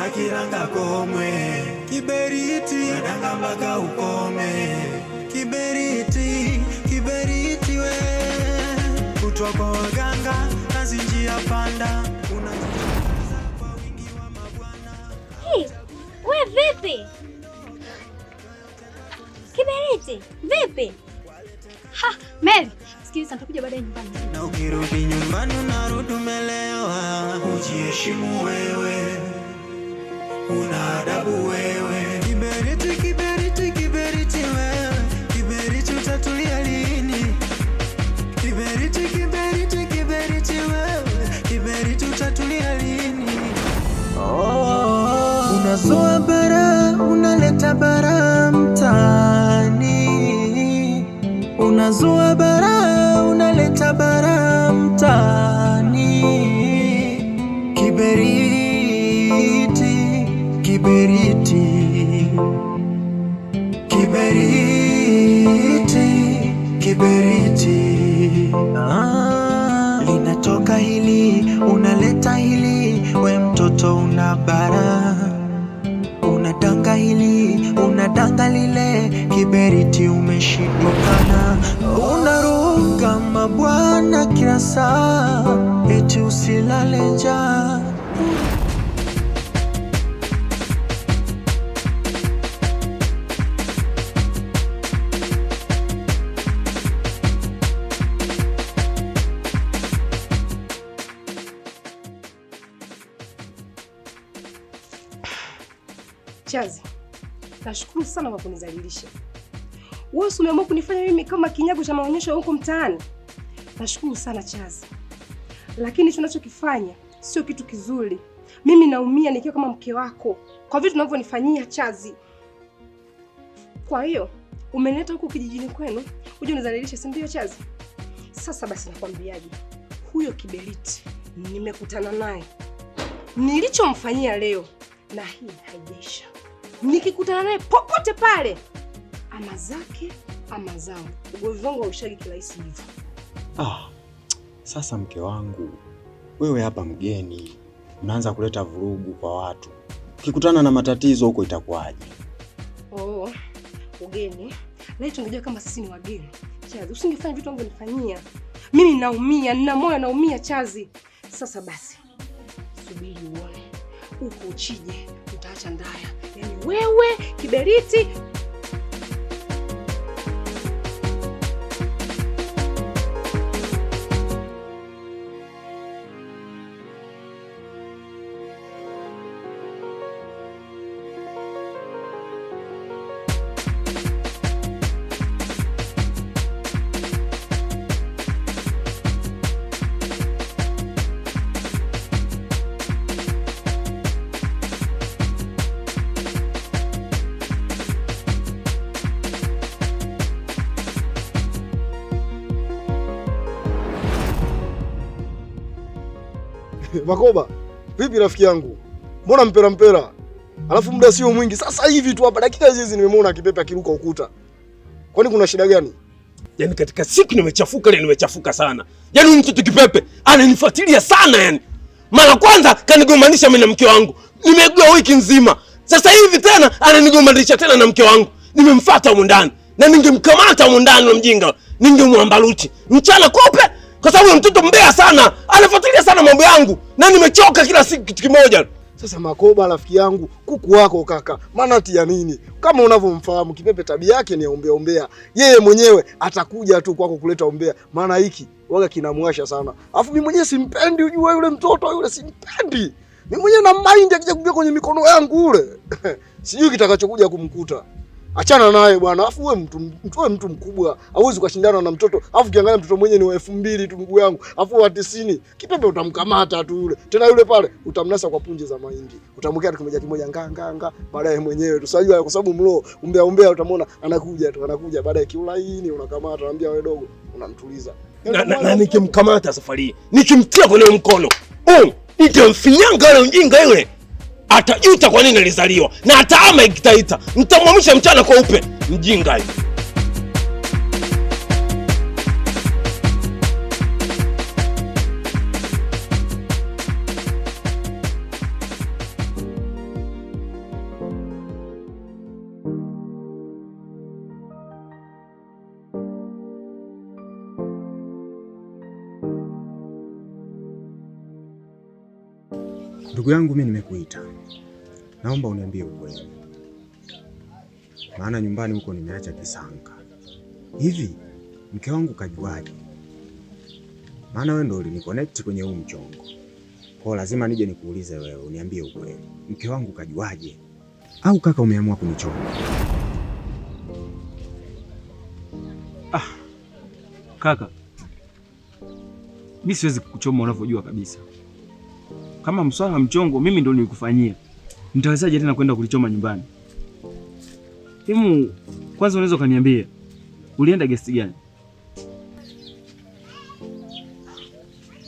nakiranga komwe kiberiti nadanga mpaka ukome kiberiti kiberiti we kutwa kwa waganga kazi njia panda una kwa wingi wa mabwana we vipi kiberiti vipi ha Mary Sikiliza, nitakuja baadaye nyumbani. Na ukirudi nyumbani unarudi umelewa. Ujiheshimu wewe una adabu wewe. Kiberiti, kiberiti, kiberiti wewe, kiberiti utatulia lini? Kiberiti, kiberiti, kiberiti wewe, kiberiti utatulia lini? Oh, unazoa bara, unaleta bara mtaani, unazoa bara, unaleta bara mtaani, kiberiti kiberiti, kiberiti, kiberiti ah, linatoka hili unaleta hili, we mtoto una bara, unadanga hili unadanga lile, kiberiti umeshindikana, unaruka mabwana kila saa, eti usilale njaa. Chazi, nashukuru sana kwa kunizalilisha. Wewe umeamua kunifanya mimi kama kinyago cha maonyesho huko mtaani. Nashukuru sana Chazi, lakini tunachokifanya sio kitu kizuri. Mimi naumia nikiwa kama mke wako kwa vitu unavyonifanyia Chazi. Kwa hiyo umeleta huko kijijini kwenu uje unizalilisha, si ndio Chazi? Sasa basi, nakwambiaje, huyo kiberiti nimekutana naye, nilichomfanyia leo na hii haijaisha nikikutana naye popote pale, ama zake ama zao, ugomvi wangu haushagi kirahisi hivyo. Ah, sasa mke wangu wewe hapa mgeni, unaanza kuleta vurugu kwa watu, ukikutana na matatizo huko itakuwaje? Oh, ugeni na tungejua kama sisi ni wageni Chazi, usingefanya vitu ambavyo nifanyia mimi. Naumia, nina moyo naumia Chazi. Sasa basi, subiri uone uko uchije cha Ndaya. Yaani wewe kiberiti Makoba, vipi rafiki yangu? Mbona mpera mpera? Alafu muda sio mwingi. Sasa hivi tu hapa dakika hizi nimemwona akipepa akiruka ukuta. Kwani kuna shida gani? Yaani katika siku nimechafuka ile nimechafuka sana. Yaani mtu tukipepe ananifuatilia sana yani. Mara kwanza kanigombanisha mimi na mke wangu. Nimegua wiki nzima. Sasa hivi tena ananigombanisha tena na mke wangu. Nimemfuata huko ndani. Na ningemkamata huko ndani mjinga. Ningemwambaruti. Mchana kope, kwa sababu mtoto mbea sana, anafuatilia sana mambo yangu na nimechoka kila siku kitu kimoja. Sasa Makoba, rafiki yangu, kuku wako kaka, maana ya nini? Kama unavyomfahamu Kipepe, tabia yake ni ombea ombea, yeye mwenyewe atakuja tu kwako kuleta ombea, maana hiki waga kinamwasha sana. Alafu mimi mwenyewe simpendi, ujue yule mtoto yule simpendi mimi mwenyewe, na mind akija kuja kwenye mikono yangu ule sijui kitakachokuja kumkuta. Achana naye bwana. Afu wewe mtu mtu wewe mtu mkubwa. Hauwezi kushindana na mtoto. Afu kiangalia mtoto mwenye ni wa elfu mbili tu ndugu yangu. Afu wa 90. Kipepe utamkamata tu yule. Tena yule pale utamnasa kwa punje za mahindi. Utamwekea kimoja kimoja nga nga nga baadaye mwenyewe Tusajua kwa sababu mlo umbea umbea utamwona anakuja tu anakuja baadaye kiulaini unakamata anambia wewe dogo unamtuliza. Na, na, na nikimkamata safari. Nikimtia kwenye mkono. Oh, nitamfinyanga yule ujinga yule atajuta kwa nini alizaliwa na ataama ikitaita, nitamwamisha mchana kweupe, mjinga hivi. Ndugu yangu mimi nimekuita, naomba uniambie ukweli, maana nyumbani huko nimeacha kisanga. Hivi mke wangu kajuaje? Maana wewe ndio uliniconnect kwenye huu mchongo, kwa lazima nije nikuulize wewe, uniambie ukweli, mke wangu kajuaje? Au kaka umeamua kunichonga? Ah, kaka, mimi siwezi kukuchoma unavyojua kabisa kama mswala mchongo mimi ndo nilikufanyia, nitawezaje tena kwenda kulichoma nyumbani? Hemu, kwanza unaweza ukaniambia ulienda gesti gani?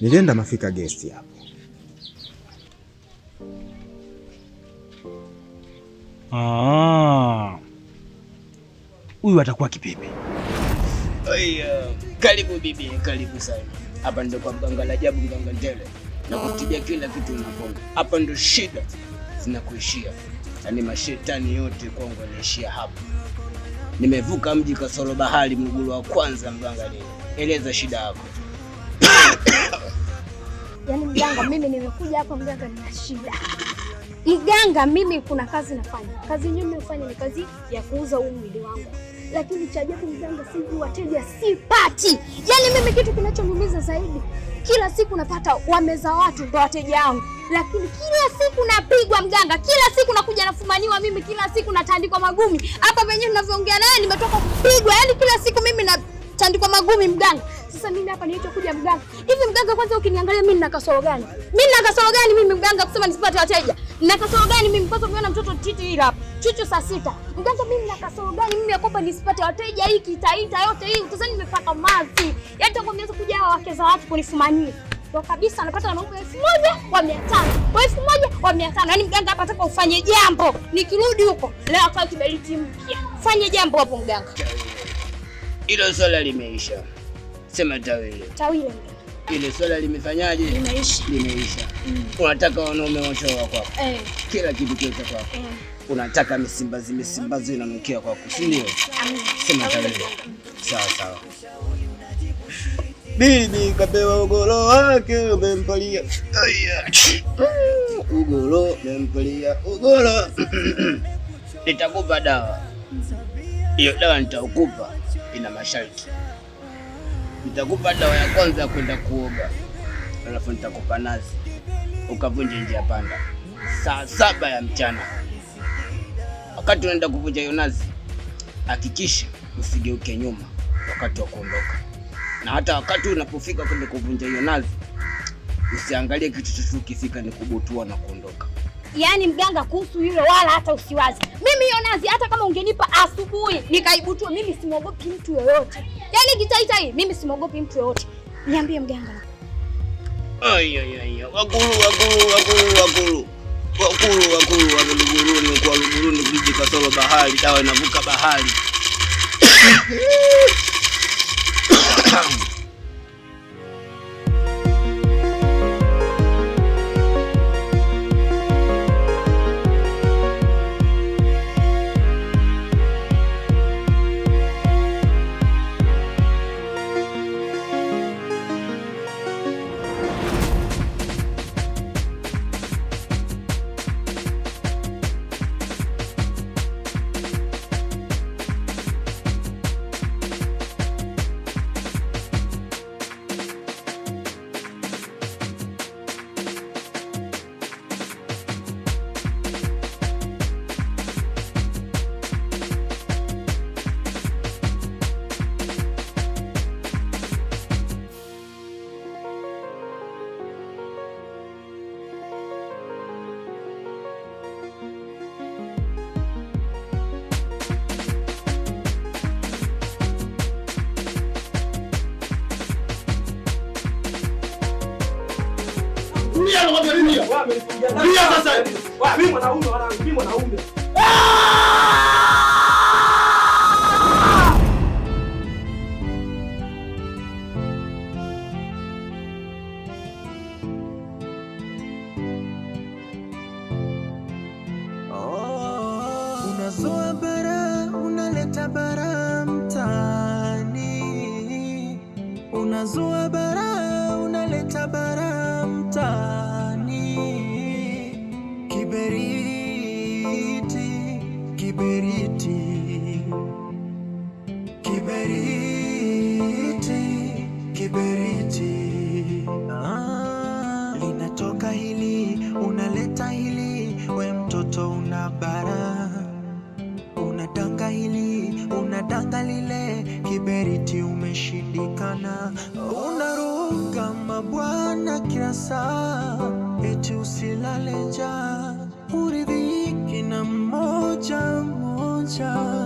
Nilienda Mafika gesti hapo. Ah. Huyu atakuwa kipipi. Karibu bibi, karibu sana. Hapa ndio kwa mganga ajabu, mganga Ndele na kutibia kila kitu unapona. Hapa ndo shida zinakuishia, yani mashetani yote kwangu anaishia hapa. Nimevuka mji kasoro bahari, mgulu wa kwanza. Mganga nini, eleza shida yako. Yaani mganga, mimi nimekuja hapa mganga, nina shida mganga. Mimi kuna kazi nafanya, kazi nyingi ufanya ni kazi ya kuuza huu mwili wangu lakini cha ajabu mganga, sisi wateja sipati. Yaani mimi kitu kinachoniumiza zaidi, kila siku napata wameza watu ndo wateja wangu, lakini kila siku napigwa mganga, kila siku nakuja nafumaniwa mimi, kila siku natandikwa magumi hapa penyewe ninavyoongea naye nimetoka kupigwa. Yaani kila siku mimi natandikwa magumi mganga. Sasa mimi hapa niacho kuja mganga, hivi mganga, kwanza ukiniangalia mimi nina kasoro gani? Mimi nina kasoro gani mimi mganga, kusema nisipate wateja? Nina kasoro gani mimi? Kwanza ukiona mtoto titi hili hapa Chuchu saa sita. Mganga, mimi na kasoro gani mimi yakopa nisipate wateja hii kitaita yote hii utazani nimepaka mazi. Yaani tangu mianza kuja hawa wake za watu kunifumania. Kwa kabisa anapata wanaume elfu moja kwa mia tano. Kwa elfu moja kwa mia tano. Yaani mganga hapa ataka ufanye jambo. Nikirudi huko leo akawa kiberiti mpya. Fanye jambo hapo mganga. Hilo swala limeisha. Sema tawile. Tawile. Ile swala limefanyaje? Limeisha. Limeisha. Mm. Unataka wanaume wote wako. Eh. Kila kitu kiwe cha kwako. Eh unataka misimbazi misimbazi inanukia kwako, si ndio? tarehe. Sawa sawa. Bibi kapewa ugoro wake umempalia. Ugoro umempalia ugoro. Nitakupa dawa hiyo, dawa nitakupa, ina masharti. Nitakupa dawa ya kwanza ya kwenda kuoga, alafu nitakupa nazi ukavunje njia panda saa saba ya mchana wakati unaenda kuvunja hiyo nazi, hakikisha usigeuke nyuma wakati wa kuondoka, na hata wakati unapofika kwenda kuvunja hiyo nazi, usiangalie kitu chochote kifika, ni kubutua na kuondoka. Yaani mganga, kuhusu hilo wala hata usiwazi. Mimi hiyo nazi hata kama ungenipa asubuhi nikaibutue, mimi simogopi mtu yoyote. Yaani kitaita hii, mimi simogopi mtu yoyote. Niambie mganga. Ay ay ay, waguru waguru waguru waguru wakulu wakulu wa Luguruni kwa Luguruni viji kasoro bahari, dawa inavuka bahari Bia anakwambia Bia. sasa. Mimi mwanaume mwanaume. bara, unaleta bara Kiberiti, kiberiti ah, linatoka hili unaleta hili, we mtoto una bara, unadanga hili unadanga lile, kiberiti umeshindikana. Unaruka mabwana kila saa, eti usilale njaa, uridhiki na mmoja mmoja